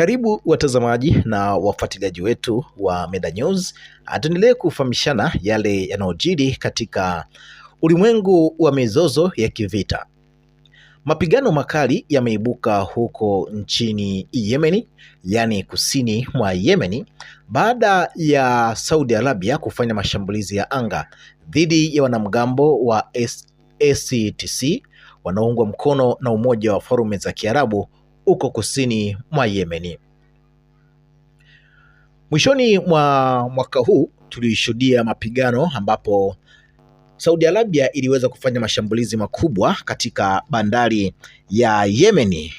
Karibu watazamaji na wafuatiliaji wetu wa Meda News, ah, tuendelee kufahamishana yale yanayojiri katika ulimwengu wa mizozo ya kivita. Mapigano makali yameibuka huko nchini yemen yaani kusini mwa yemen baada ya Saudi Arabia kufanya mashambulizi ya anga dhidi ya wanamgambo wa ACTC wanaoungwa mkono na Umoja wa Falme za Kiarabu uko kusini mwa Yemeni. Mwishoni mwa mwaka huu tulishuhudia mapigano ambapo Saudi Arabia iliweza kufanya mashambulizi makubwa katika bandari ya Yemeni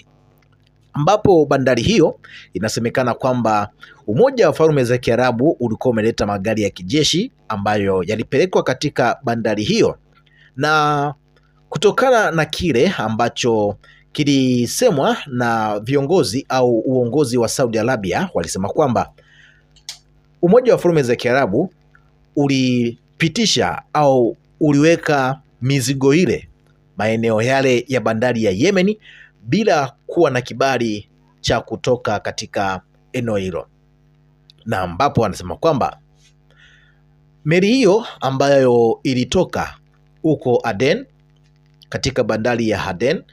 ambapo bandari hiyo inasemekana kwamba Umoja wa Falme za Kiarabu ulikuwa umeleta magari ya kijeshi ambayo yalipelekwa katika bandari hiyo, na kutokana na kile ambacho kilisemwa na viongozi au uongozi wa Saudi Arabia, walisema kwamba Umoja wa Falme za Kiarabu ulipitisha au uliweka mizigo ile maeneo yale ya bandari ya Yemeni bila kuwa na kibali cha kutoka katika eneo hilo, na ambapo wanasema kwamba meli hiyo ambayo ilitoka huko Aden katika bandari ya Aden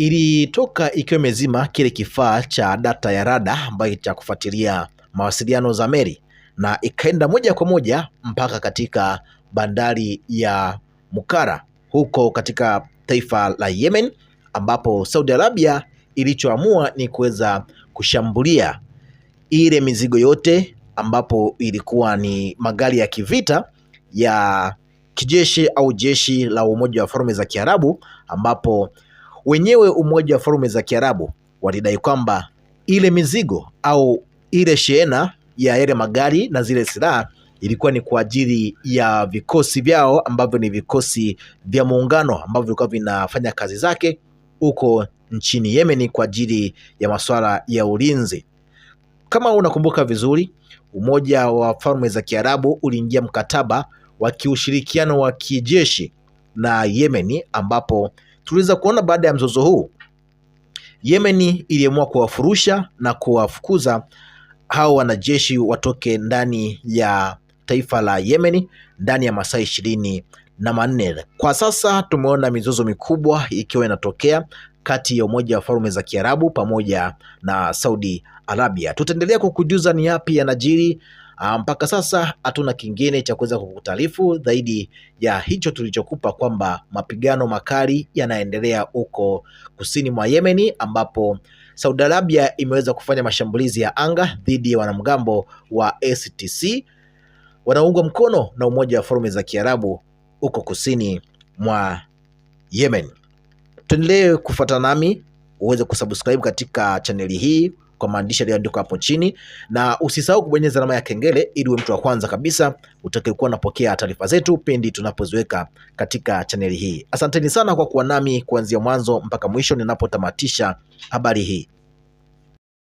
ilitoka ikiwa imezima kile kifaa cha data ya rada ambayo cha kufuatilia mawasiliano za meli na ikaenda moja kwa moja mpaka katika bandari ya Mukara huko katika taifa la Yemen, ambapo Saudi Arabia ilichoamua ni kuweza kushambulia ile mizigo yote, ambapo ilikuwa ni magari ya kivita ya kijeshi au jeshi la Umoja wa Falme za Kiarabu ambapo Wenyewe Umoja wa Falme za Kiarabu walidai kwamba ile mizigo au ile shehena ya yale magari na zile silaha ilikuwa ni kwa ajili ya vikosi vyao ambavyo ni vikosi vya muungano ambavyo vilikuwa vinafanya kazi zake huko nchini Yemen kwa ajili ya masuala ya ulinzi. Kama unakumbuka vizuri, Umoja wa Falme za Kiarabu uliingia mkataba wa kiushirikiano wa kijeshi na Yemen ambapo tuliweza kuona baada ya mzozo huu Yemeni iliamua kuwafurusha na kuwafukuza hao wanajeshi watoke ndani ya taifa la Yemeni ndani ya masaa ishirini na manne. Kwa sasa tumeona mizozo mikubwa ikiwa inatokea kati ya Umoja wa Falme za Kiarabu pamoja na Saudi Arabia. Tutaendelea kukujuza ni yapi yanajiri Ah, mpaka sasa hatuna kingine cha kuweza kukutaarifu zaidi ya hicho tulichokupa kwamba mapigano makali yanaendelea huko kusini mwa Yemeni ambapo Saudi Arabia imeweza kufanya mashambulizi ya anga dhidi ya wanamgambo wa STC wanaoungwa mkono na Umoja wa Falme za Kiarabu huko kusini mwa Yemen. Tuendelee kufuata nami uweze kusubscribe katika chaneli hii kwa maandishi yaliyoandikwa hapo chini, na usisahau kubonyeza alama ya kengele ili uwe mtu wa kwanza kabisa utakayekuwa unapokea taarifa zetu pindi tunapoziweka katika chaneli hii. Asanteni sana kwa kuwa nami kuanzia mwanzo mpaka mwisho ninapotamatisha habari hii.